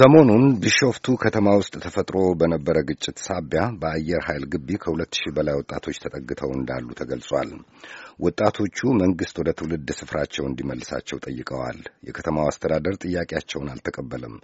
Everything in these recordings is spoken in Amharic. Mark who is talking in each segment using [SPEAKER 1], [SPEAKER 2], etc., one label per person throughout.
[SPEAKER 1] ሰሞኑን ቢሾፍቱ ከተማ ውስጥ ተፈጥሮ በነበረ ግጭት ሳቢያ በአየር ኃይል ግቢ ከሁለት ሺህ በላይ ወጣቶች ተጠግተው እንዳሉ ተገልጿል። ወጣቶቹ መንግሥት ወደ ትውልድ ስፍራቸው እንዲመልሳቸው ጠይቀዋል። የከተማው አስተዳደር ጥያቄያቸውን አልተቀበለም።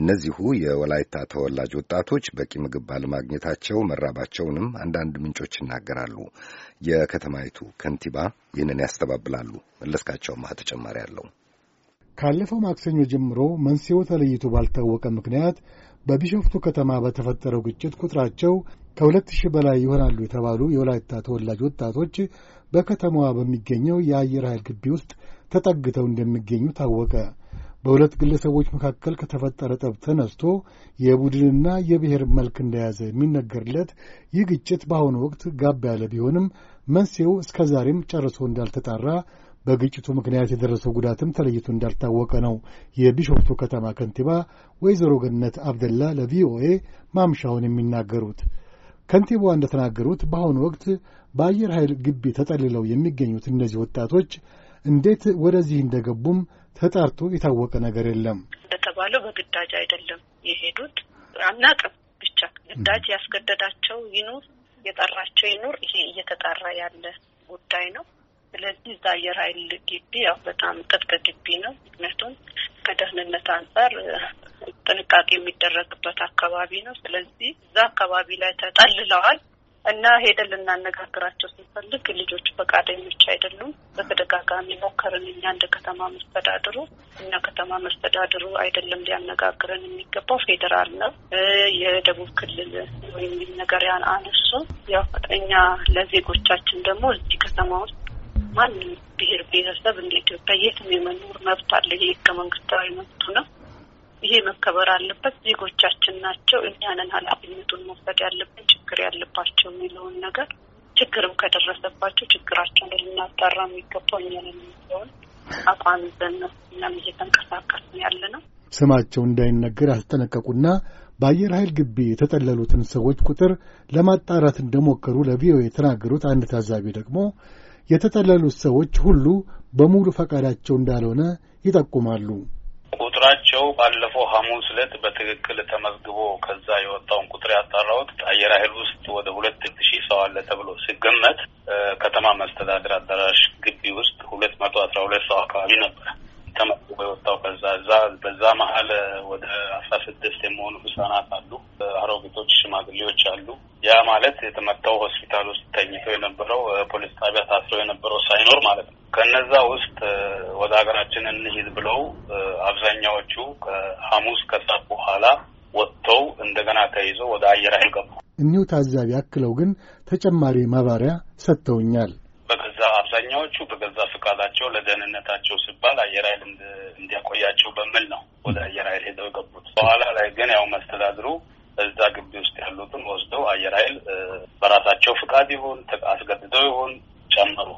[SPEAKER 1] እነዚሁ የወላይታ ተወላጅ ወጣቶች በቂ ምግብ ባለማግኘታቸው መራባቸውንም አንዳንድ ምንጮች ይናገራሉ። የከተማይቱ ከንቲባ ይህንን ያስተባብላሉ። ማህ ተጨማሪ አለው። ካለፈው ማክሰኞ ጀምሮ መንስኤው ተለይቶ ባልታወቀ ምክንያት በቢሾፍቱ ከተማ በተፈጠረው ግጭት ቁጥራቸው ከሁለት ሺህ በላይ ይሆናሉ የተባሉ የወላይታ ተወላጅ ወጣቶች በከተማዋ በሚገኘው የአየር ኃይል ግቢ ውስጥ ተጠግተው እንደሚገኙ ታወቀ። በሁለት ግለሰቦች መካከል ከተፈጠረ ጠብ ተነስቶ የቡድንና የብሔር መልክ እንደያዘ የሚነገርለት ይህ ግጭት በአሁኑ ወቅት ጋብ ያለ ቢሆንም መንስኤው እስከ ዛሬም ጨርሶ እንዳልተጣራ በግጭቱ ምክንያት የደረሰው ጉዳትም ተለይቶ እንዳልታወቀ ነው የቢሾፍቱ ከተማ ከንቲባ ወይዘሮ ገነት አብደላ ለቪኦኤ ማምሻውን የሚናገሩት። ከንቲባዋ እንደተናገሩት በአሁኑ ወቅት በአየር ኃይል ግቢ ተጠልለው የሚገኙት እነዚህ ወጣቶች እንዴት ወደዚህ እንደገቡም ተጣርቶ የታወቀ ነገር የለም። እንደተባለው
[SPEAKER 2] በግዳጅ አይደለም የሄዱት አናቅም። ብቻ ግዳጅ ያስገደዳቸው ይኑር የጠራቸው ይኑር፣ ይሄ እየተጣራ ያለ ጉዳይ ነው። ስለዚህ እዛ አየር ኃይል ግቢ ያው በጣም ጥብቅ ግቢ ነው። ምክንያቱም ከደህንነት አንጻር ጥንቃቄ የሚደረግበት አካባቢ ነው። ስለዚህ እዛ አካባቢ ላይ ተጠልለዋል እና ሄደን ልናነጋግራቸው ስንፈልግ ልጆቹ ፈቃደኞች አይደሉም። በተደጋጋሚ ሞከርን። እኛ እንደ ከተማ መስተዳድሩ እኛ ከተማ መስተዳድሩ አይደለም ሊያነጋግረን የሚገባው ፌዴራል ነው። የደቡብ ክልል ወይም ነገር ያን አነሱ። ያው እኛ ለዜጎቻችን ደግሞ እዚህ ከተማ ውስጥ ማን ብሄር ብሔረሰብ እንደ ኢትዮጵያ የትም የመኖር መብት አለ። የህገ መንግስታዊ መብቱ ነው። ይሄ መከበር አለበት። ዜጎቻችን ናቸው። እኛንን ኃላፊነቱን መውሰድ ያለብን ችግር ያለባቸው የሚለውን ነገር ችግርም ከደረሰባቸው ችግራቸውን ልናጠራ የሚገባው እኛንን የሚለውን አቋም ይዘን ነው እኛም እየተንቀሳቀስን ያለ ነው።
[SPEAKER 1] ስማቸው እንዳይነገር ያስጠነቀቁና በአየር ኃይል ግቢ የተጠለሉትን ሰዎች ቁጥር ለማጣራት እንደሞከሩ ለቪኦኤ የተናገሩት አንድ ታዛቢ ደግሞ የተጠለሉት ሰዎች ሁሉ በሙሉ ፈቃዳቸው እንዳልሆነ ይጠቁማሉ።
[SPEAKER 3] ቁጥራቸው ባለፈው ሐሙስ ዕለት በትክክል ተመዝግቦ ከዛ የወጣውን ቁጥር ያጣራሁት አየር ኃይል ውስጥ ወደ ሁለት ሺህ ሰው አለ ተብሎ ሲገመት ከተማ መስተዳድር አዳራሽ ግቢ ውስጥ ሁለት መቶ አስራ ሁለት ሰው አካባቢ ነበር። ተመዝግቦ የወጣው በዛ እዛ በዛ መሀል ወደ አስራ ስድስት የሚሆኑ ህጻናት አሉ፣ አሮጊቶች፣ ሽማግሌዎች አሉ። ያ ማለት የተመታው ሆስፒታል ውስጥ ተኝቶ የነበረው ፖሊስ ጣቢያ ታስሮ የነበረው ሳይኖር ማለት ነው። ከነዛ ውስጥ ወደ ሀገራችን እንሂድ ብለው አብዛኛዎቹ ከሐሙስ ከሰዓት በኋላ ወጥተው እንደገና ተይዘው ወደ አየር ኃይል ገቡ።
[SPEAKER 1] እኒሁ ታዛቢ አክለው ግን ተጨማሪ ማብራሪያ ሰጥተውኛል።
[SPEAKER 3] አብዛኛዎቹ በገዛ ፍቃዳቸው ለደህንነታቸው ሲባል አየር ኃይል እንዲያቆያቸው በሚል ነው ወደ አየር ኃይል ሄደው የገቡት። በኋላ ላይ ግን ያው መስተዳድሩ እዛ ግቢ ውስጥ ያሉትን ወስደው አየር ኃይል በራሳቸው ፍቃድ ይሁን አስገድደው ይሁን ጨመሩ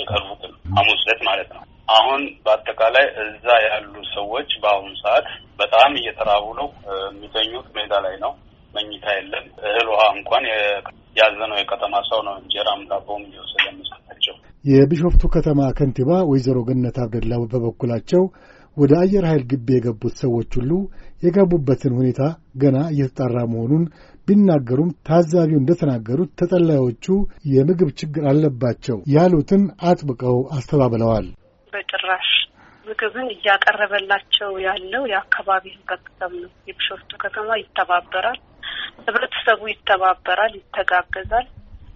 [SPEAKER 3] የቀርቡትን ሐሙስ ዕለት ማለት ነው። አሁን በአጠቃላይ እዛ ያሉ ሰዎች በአሁኑ ሰዓት በጣም እየተራቡ ነው የሚገኙት። ሜዳ ላይ ነው፣ መኝታ የለም። እህል ውሃ እንኳን ያዘነው የከተማ ሰው ነው እንጀራም ዳቦም እየወሰደ
[SPEAKER 1] የቢሾፍቱ ከተማ ከንቲባ ወይዘሮ ገነት አብደላ በበኩላቸው ወደ አየር ኃይል ግቢ የገቡት ሰዎች ሁሉ የገቡበትን ሁኔታ ገና እየተጣራ መሆኑን ቢናገሩም ታዛቢው እንደተናገሩት ተጠላዮቹ የምግብ ችግር አለባቸው ያሉትን አጥብቀው አስተባብለዋል።
[SPEAKER 2] በጭራሽ ምግብን እያቀረበላቸው ያለው የአካባቢ ህብረተሰብ ነው። የቢሾፍቱ ከተማ ይተባበራል፣ ህብረተሰቡ ይተባበራል፣ ይተጋገዛል።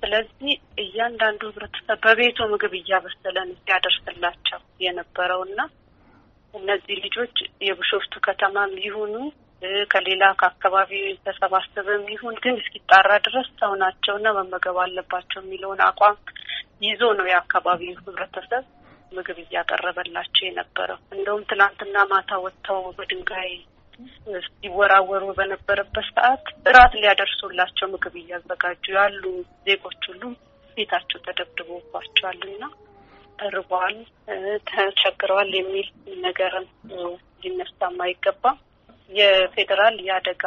[SPEAKER 2] ስለዚህ እያንዳንዱ ህብረተሰብ በቤቱ ምግብ እያበሰለን ሲያደርስላቸው እና እነዚህ ልጆች የብሾፍቱ ከተማም ይሁኑ ከሌላ ከአካባቢ ተሰባሰበም ይሁን ግን እስኪጣራ ድረስ ሰው ናቸውና መመገብ አለባቸው የሚለውን አቋም ይዞ ነው የአካባቢው ህብረተሰብ ምግብ እያቀረበላቸው የነበረው። እንደውም ትናንትና ማታ ወጥተው በድንጋይ ሲወራወሩ በነበረበት ሰዓት እራት ሊያደርሱላቸው ምግብ እያዘጋጁ ያሉ ዜጎች ሁሉ ቤታቸው እና እርቧል ተቸግረዋል የሚል ነገርም ሊነሳም አይገባም። የፌዴራል የአደጋ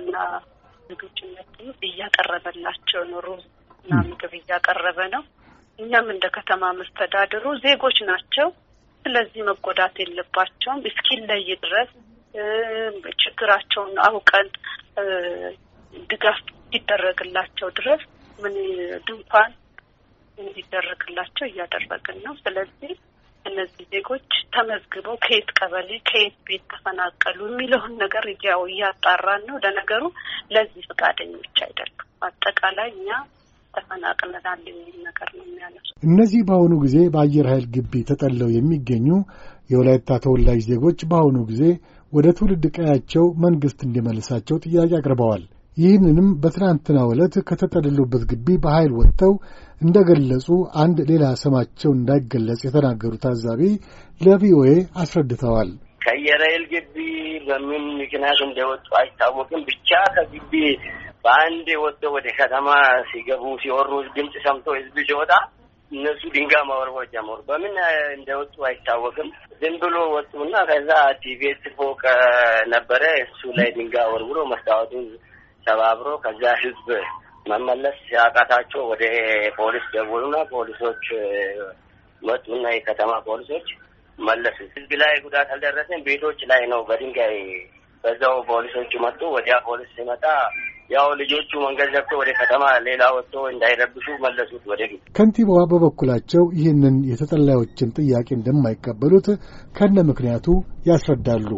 [SPEAKER 2] እና ዝግጁነት እያቀረበላቸው ነው። ሩዝ እና ምግብ እያቀረበ ነው። እኛም እንደ ከተማ መስተዳድሩ ዜጎች ናቸው፣ ስለዚህ መጎዳት የለባቸውም እስኪለይ ድረስ ችግራቸውን አውቀን ድጋፍ እንዲደረግላቸው ድረስ ምን ድንኳን እንዲደረግላቸው እያደረግን ነው። ስለዚህ እነዚህ ዜጎች ተመዝግበው ከየት ቀበሌ ከየት ቤት ተፈናቀሉ የሚለውን ነገር ያው እያጣራን ነው። ለነገሩ ለዚህ ፈቃደኞች አይደሉም። አጠቃላይ እኛ ተፈናቅለናል የሚል ነገር ነው የሚያለው።
[SPEAKER 1] እነዚህ በአሁኑ ጊዜ በአየር ኃይል ግቢ ተጠለው የሚገኙ የወላይታ ተወላጅ ዜጎች በአሁኑ ጊዜ ወደ ትውልድ ቀያቸው መንግሥት እንዲመልሳቸው ጥያቄ አቅርበዋል። ይህንንም በትናንትና ዕለት ከተጠለሉበት ግቢ በኃይል ወጥተው እንደ ገለጹ አንድ ሌላ ስማቸው እንዳይገለጽ የተናገሩ ታዛቢ ለቪኦኤ አስረድተዋል።
[SPEAKER 3] ከየራይል ግቢ
[SPEAKER 2] በምን ምክንያት እንደወጡ አይታወቅም። ብቻ ከግቢ በአንድ ወጥተው ወደ ከተማ ሲገቡ ሲወሩ ድምፅ ሰምቶ ህዝብ ሲወጣ እነሱ ድንጋይ ማወርወር ጀመሩ። በምን እንደወጡ አይታወቅም። ዝም ብሎ ወጡና ከዛ ዲቤት ፎቅ ነበረ እሱ ላይ ድንጋ አወርውሮ መስታወቱን ሰባብሮ ከዛ ህዝብ መመለስ ያቃታቸው ወደ ፖሊስ ደወሉና ፖሊሶች መጡና የከተማ ፖሊሶች መለሱ። ህዝብ ላይ ጉዳት አልደረሰም። ቤቶች ላይ ነው በድንጋይ
[SPEAKER 3] በዛው ፖሊሶቹ መጡ። ወዲያ ፖሊስ ሲመጣ ያው ልጆቹ መንገድ ዘግቶ ወደ ከተማ ሌላ ወጥቶ እንዳይረብሹ መለሱት ወደ ፊት።
[SPEAKER 1] ከንቲባዋ በበኩላቸው ይህንን የተጠላዮችን ጥያቄ እንደማይቀበሉት ከነ ምክንያቱ ያስረዳሉ።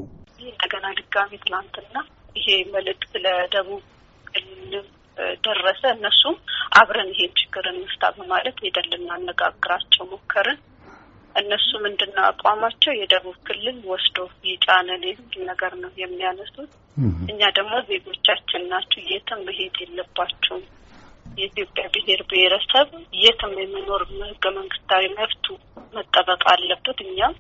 [SPEAKER 3] እንደገና
[SPEAKER 2] ድጋሚ ትናንትና ይሄ መልእክት ለደቡብ ክልል ደረሰ። እነሱም አብረን ይሄን ችግር እንፍታ በማለት ሄደን ልናነጋግራቸው ሞከርን። እነሱ ምንድን ነው አቋማቸው? የደቡብ ክልል ወስዶ የጫነን ነገር ነው የሚያነሱት። እኛ ደግሞ ዜጎቻችን ናቸው። የትም መሄድ የለባቸውም የኢትዮጵያ ብሔር ብሔረሰብ የትም የመኖር ህገ መንግስታዊ መብቱ መጠበቅ አለበት። እኛም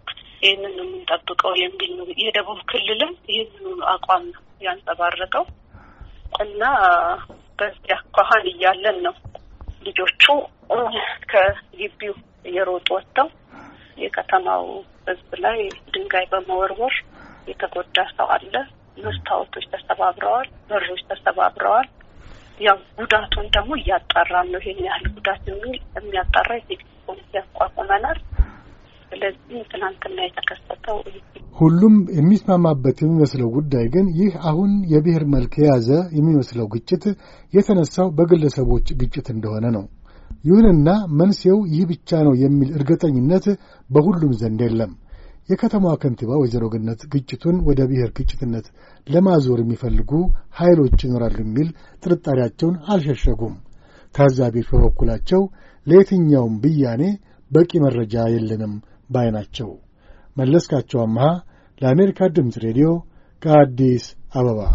[SPEAKER 2] ይህንን የምንጠብቀው የሚል ነው። የደቡብ ክልልም ይህንኑ አቋም ነው ያንጸባረቀው እና በዚህ አኳኋን እያለን ነው ልጆቹ ከግቢው እየሮጡ ወጥተው የከተማው ህዝብ ላይ ድንጋይ በመወርወር የተጎዳ ሰው አለ። መስታወቶች ተሰባብረዋል፣ በሮች ተሰባብረዋል። ያው ጉዳቱን ደግሞ እያጣራ ነው። ይሄን ያህል ጉዳት የሚል የሚያጣራ የቴክኒክ ኮሚቴ ያቋቁመናል።
[SPEAKER 3] ስለዚህ ትናንትና የተከሰተው
[SPEAKER 1] ሁሉም የሚስማማበት የሚመስለው ጉዳይ ግን ይህ አሁን የብሔር መልክ የያዘ የሚመስለው ግጭት የተነሳው በግለሰቦች ግጭት እንደሆነ ነው። ይሁንና መንስኤው ይህ ብቻ ነው የሚል እርግጠኝነት በሁሉም ዘንድ የለም። የከተማዋ ከንቲባ ወይዘሮ ገነት ግጭቱን ወደ ብሔር ግጭትነት ለማዞር የሚፈልጉ ኃይሎች ይኖራሉ የሚል ጥርጣሬያቸውን አልሸሸጉም። ታዛቢዎች በበኩላቸው ለየትኛውም ብያኔ በቂ መረጃ የለንም ባይ ናቸው። መለስካቸው አምሃ ለአሜሪካ ድምፅ ሬዲዮ ከአዲስ አበባ